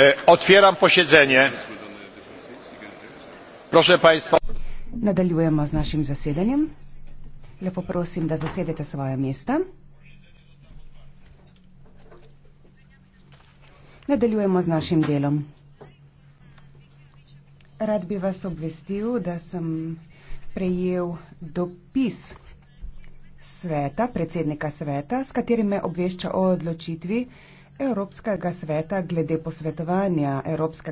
E, otwieram posiedzenie. Proszę Państwa. Nadaljujemy z naszym zasiedaniem. Lepo prosim, da zasedete svoje mesta. Nadaljujemo z našim delom. Rad bi vas obvestil, da sem prejel dopis sveta, predsednika sveta, s katerim me obvešča o odločitvi, Evropskega sveta glede posvetovanja Evropskega